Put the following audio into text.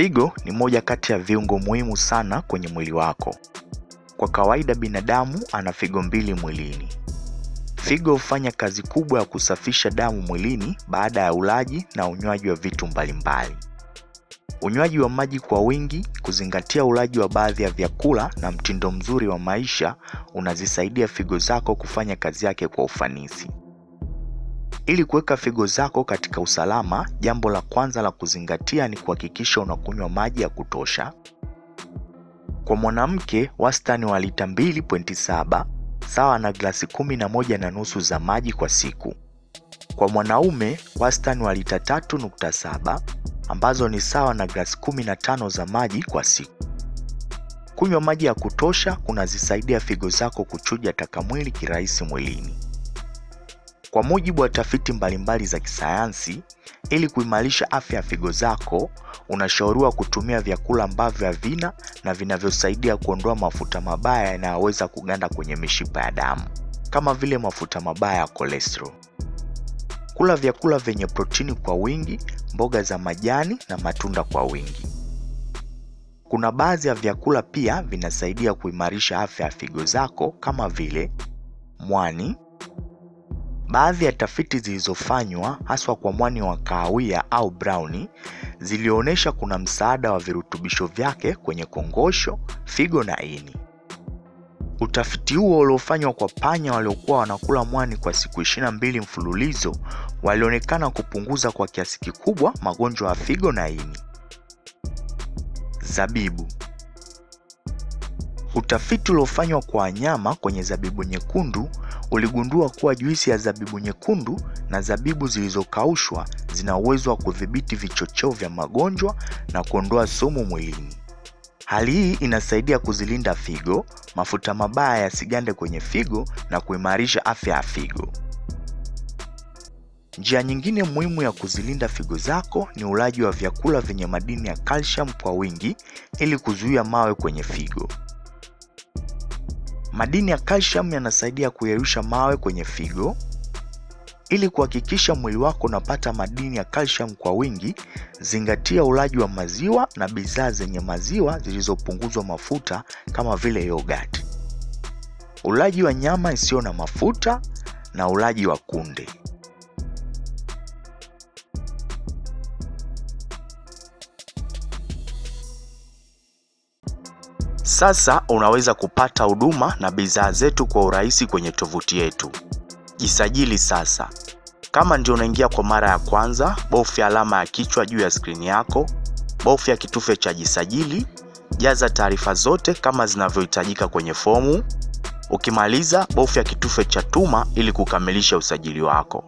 Figo ni moja kati ya viungo muhimu sana kwenye mwili wako. Kwa kawaida binadamu ana figo mbili mwilini. Figo hufanya kazi kubwa ya kusafisha damu mwilini baada ya ulaji na unywaji wa vitu mbalimbali. Unywaji wa maji kwa wingi, kuzingatia ulaji wa baadhi ya vyakula na mtindo mzuri wa maisha unazisaidia figo zako kufanya kazi yake kwa ufanisi. Ili kuweka figo zako katika usalama, jambo la kwanza la kuzingatia ni kuhakikisha unakunywa maji ya kutosha. Kwa mwanamke, wastani wa lita 2.7 sawa na glasi 11 na nusu za maji kwa siku. Kwa mwanaume, wastani wa lita 3.7 ambazo ni sawa na glasi 15 za maji kwa siku. Kunywa maji ya kutosha kunazisaidia figo zako kuchuja takamwili kirahisi mwilini. Kwa mujibu wa tafiti mbalimbali za kisayansi, ili kuimarisha afya ya figo zako, unashauriwa kutumia vyakula ambavyo havina na vinavyosaidia kuondoa mafuta mabaya yanayoweza kuganda kwenye mishipa ya damu, kama vile mafuta mabaya ya kolestro Kula vyakula vyenye protini kwa wingi, mboga za majani na matunda kwa wingi. Kuna baadhi ya vyakula pia vinasaidia kuimarisha afya ya figo zako kama vile mwani, Baadhi ya tafiti zilizofanywa haswa kwa mwani wa kahawia au brauni zilionyesha kuna msaada wa virutubisho vyake kwenye kongosho, figo na ini. Utafiti huo uliofanywa kwa panya waliokuwa wanakula mwani kwa siku 22 mfululizo walionekana kupunguza kwa kiasi kikubwa magonjwa ya figo na ini. Zabibu. Utafiti uliofanywa kwa wanyama kwenye zabibu nyekundu uligundua kuwa juisi ya zabibu nyekundu na zabibu zilizokaushwa zina uwezo wa kudhibiti vichocheo vya magonjwa na kuondoa sumu mwilini. Hali hii inasaidia kuzilinda figo, mafuta mabaya yasigande kwenye figo na kuimarisha afya ya figo. Njia nyingine muhimu ya kuzilinda figo zako ni ulaji wa vyakula vyenye madini ya calcium kwa wingi ili kuzuia mawe kwenye figo. Madini ya calcium yanasaidia kuyeyusha mawe kwenye figo. Ili kuhakikisha mwili wako unapata madini ya calcium kwa wingi, zingatia ulaji wa maziwa na bidhaa zenye maziwa zilizopunguzwa mafuta kama vile yogurt. Ulaji wa nyama isiyo na mafuta na ulaji wa kunde. Sasa unaweza kupata huduma na bidhaa zetu kwa urahisi kwenye tovuti yetu. Jisajili sasa. Kama ndio unaingia kwa mara ya kwanza, bofya alama ya kichwa juu ya skrini yako, bofya kitufe cha jisajili, jaza taarifa zote kama zinavyohitajika kwenye fomu. Ukimaliza, bofya kitufe cha tuma ili kukamilisha usajili wako.